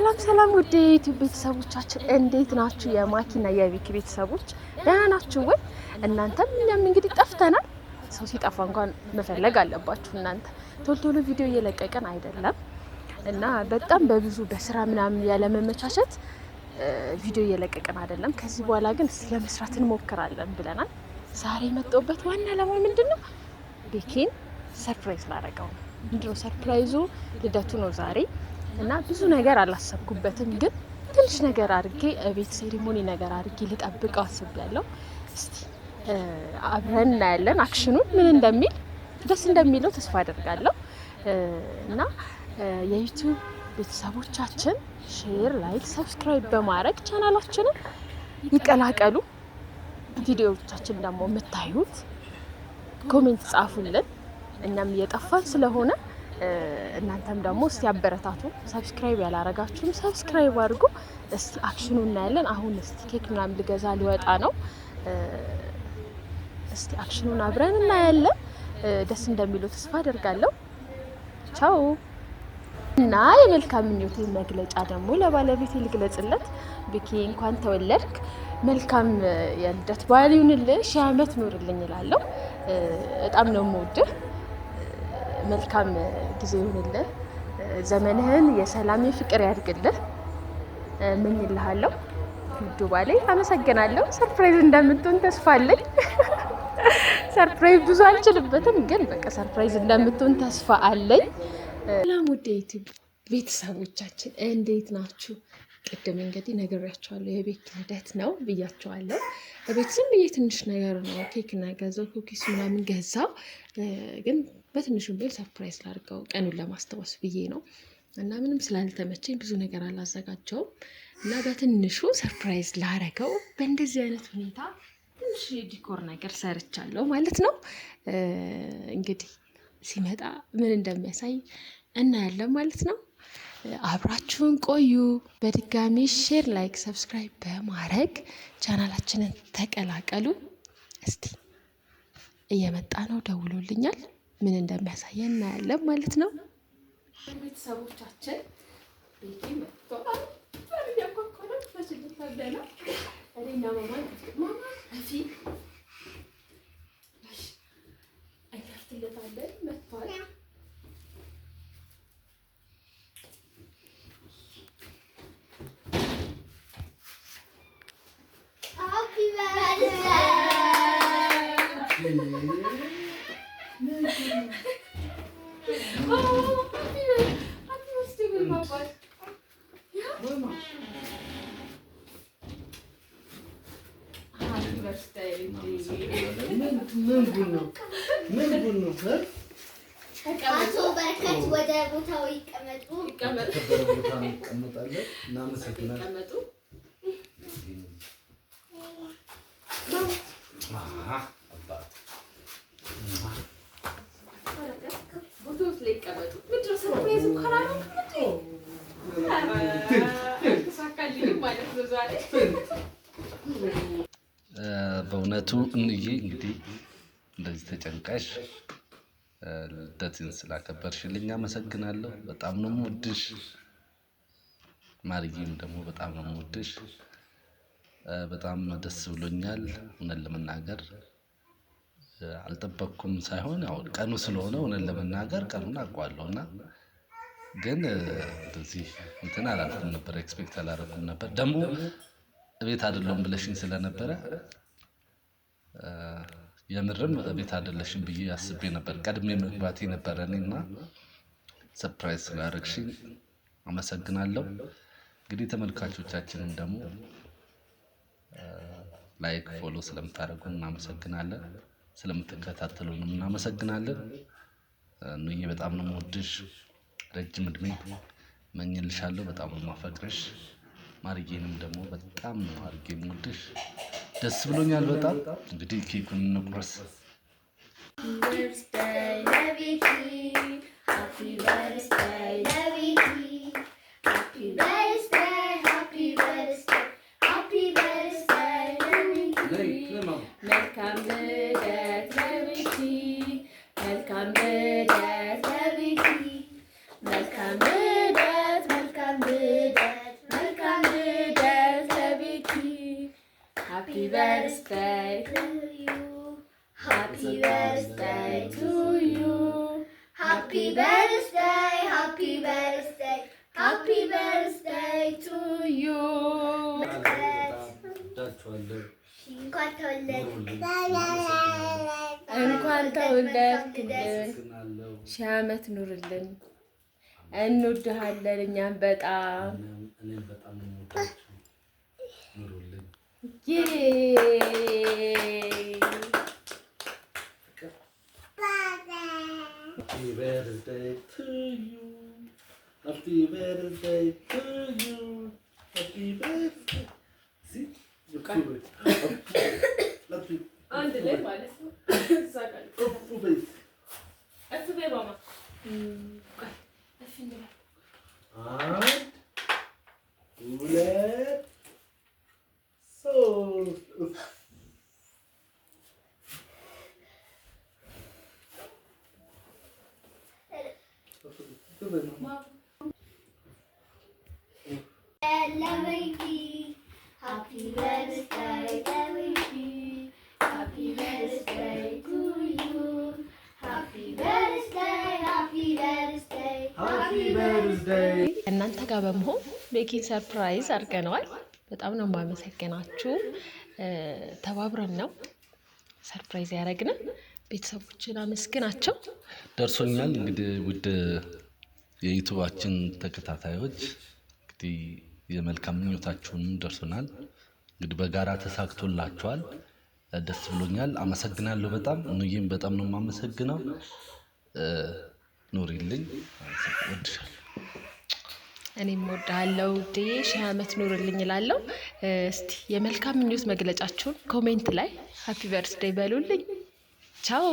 ሰላም ሰላም ውድ የዩቲዩብ ቤተሰቦቻችን እንዴት ናችሁ? የማኪና የቪክ ቤተሰቦች ደህና ናችሁ ወይ? እናንተም እኛም እንግዲህ ጠፍተናል። ሰው ሲጠፋ እንኳን መፈለግ አለባችሁ እናንተ። ቶልቶሎ ቪዲዮ እየለቀቀን አይደለም እና በጣም በብዙ በስራ ምናምን ያለመመቻቸት ቪዲዮ እየለቀቀን አይደለም። ከዚህ በኋላ ግን ለመስራት እንሞክራለን ብለናል። ዛሬ የመጣሁበት ዋና ለማ ምንድን ነው? ቤኬን ሰርፕራይዝ ላረገው ምንድነው ሰርፕራይዙ? ልደቱ ነው ዛሬ እና ብዙ ነገር አላሰብኩበትም፣ ግን ትንሽ ነገር አድርጌ ቤት ሴሪሞኒ ነገር አድርጌ ልጠብቀው አስቤያለሁ። እስቲ አብረን እናያለን አክሽኑን ምን እንደሚል ደስ እንደሚለው ተስፋ አደርጋለሁ እና የዩቱብ ቤተሰቦቻችን ሼር፣ ላይክ፣ ሰብስክራይብ በማድረግ ቻናላችንን ይቀላቀሉ። ቪዲዮዎቻችን ደግሞ የምታዩት ኮሜንት ጻፉልን። እኛም እየጠፋን ስለሆነ እናንተም ደግሞ እስቲ አበረታቱ። ሰብስክራይብ ያላረጋችሁም ሰብስክራይብ አድርጉ። እስቲ አክሽኑ እናያለን። አሁን እስቲ ኬክ ምናምን ልገዛ ሊወጣ ነው። እስቲ አክሽኑን አብረን እናያለን። ደስ እንደሚሉ ተስፋ አደርጋለሁ። ቻው እና የመልካም ምኞቴ መግለጫ ደግሞ ለባለቤት ልግለጽለት። ብኪ እንኳን ተወለድክ፣ መልካም የልደት በዓል ይሁንልህ፣ ሺህ ዓመት ኖርልኝ እላለሁ። በጣም ነው የምወድህ መልካም ጊዜ ይሁንልህ። ዘመንህን የሰላም ፍቅር ያድርግልህ እመኝልሃለሁ። ላይ አመሰግናለሁ። ሰርፕራይዝ እንደምትሆን ተስፋ አለኝ። ሰርፕራይዝ ብዙ አልችልበትም፣ ግን በቃ ሰርፕራይዝ እንደምትሆን ተስፋ አለኝ። ሰላም ውድ ቤተሰቦቻችን እንዴት ናችሁ? ቅድም እንግዲህ ነግሬያቸዋለሁ የቤት ልደት ነው ብያቸዋለሁ። በቤት ዝም ብዬ ትንሽ ነገር ነው ኬክ እና ገዛው ኩኪስ ምናምን ገዛው። ግን በትንሹ ቢሆን ሰርፕራይዝ ላድርገው ቀኑን ለማስታወስ ብዬ ነው። እና ምንም ስላልተመቸኝ ብዙ ነገር አላዘጋጀውም። እና በትንሹ ሰርፕራይዝ ላረገው በእንደዚህ አይነት ሁኔታ ትንሽ የዲኮር ነገር ሰርቻለሁ ማለት ነው። እንግዲህ ሲመጣ ምን እንደሚያሳይ እናያለን ማለት ነው አብራችሁን ቆዩ። በድጋሚ ሼር፣ ላይክ፣ ሰብስክራይብ በማድረግ ቻናላችንን ተቀላቀሉ። እስቲ እየመጣ ነው፣ ደውሎልኛል። ምን እንደሚያሳየ እናያለን ማለት ነው። ቤተሰቦቻችን ቤቴ መጥቷል። እኛ ማማ ምን ጉድ ነው? ምን ጉድ ነው? አቶ በረከት ወደ ቦታው ይቀመጡ። ቦታ እንቀመጣለን። እናመሰግናለን። ይቀመጡ ቦታ እናመሰግናለን ይቀመጡ ውበቱ እንዬ እንግዲህ እንደዚህ ተጨንቃሽ ልደቴን ስላከበርሽልኝ አመሰግናለሁ። በጣም ነው የምወድሽ። ማርዬም ደግሞ በጣም ነው የምወድሽ። በጣም ደስ ብሎኛል። እውነት ለመናገር አልጠበቅኩም ሳይሆን ያው ቀኑ ስለሆነ እውነት ለመናገር ቀኑን አውቀዋለሁ እና ግን እንደዚህ እንትን አላልኩም ነበር፣ ኤክስፔክት አላደረኩም ነበር። ደግሞ እቤት አይደለሁም ብለሽኝ ስለነበረ የምርም ቤት አይደለሽም ብዬ አስቤ ነበር ቀድሜ መግባቴ ነበረ እኔ እና ሰርፕራይዝ ስላደረግሽኝ አመሰግናለሁ። እንግዲህ ተመልካቾቻችንም ደግሞ ላይክ ፎሎ ስለምታደርጉን እናመሰግናለን ስለምትከታተሉንም እናመሰግናለን። እኑዬ በጣም ነው የምወድሽ ረጅም እድሜ መኝልሻለሁ። በጣም ነው የማፈቅርሽ። ማርጌንም ደግሞ በጣም ነው አድርጌ የምወድሽ ደስ ብሎኛል በጣም። እንግዲህ ኬኩን እንቁረስ። birthday to you. Happy birthday to you. Happy birthday, happy birthday, happy birthday to you. እንኳን ተወለድክልን፣ ሺህ ዓመት ኑርልን። እንወድሃለን እኛም በጣም Yay! Happy birthday to you. Happy birthday to you. Happy birthday. See? You feel it. Let me. Andele maalesef. Sakal. Öp bu bey. Öp bu bey baba. Hmm. እናንተ ጋር በመሆን ቤኪን ሰርፕራይዝ አድርገነዋል። በጣም ነው የማመሰግናችሁ። ተባብረን ነው ሰርፕራይዝ ያደረግን። ቤተሰቦችን አመስግናቸው ደርሶኛል። እንግዲህ ውድ የዩቱባችን ተከታታዮች እንግዲህ የመልካም ምኞታችሁን ደርሶናል። እንግዲህ በጋራ ተሳክቶላችኋል። ደስ ብሎኛል። አመሰግናለሁ በጣም ኑዬም በጣም ነው የማመሰግነው። ኑሪልኝ፣ ወድሻለሁ። እኔም ወድሃለሁ ውዴ፣ ሺህ ዓመት ኑርልኝ እላለሁ። እስቲ የመልካም ምኞት መግለጫችሁን ኮሜንት ላይ ሀፒ በርዝዴይ በሉልኝ። ቻው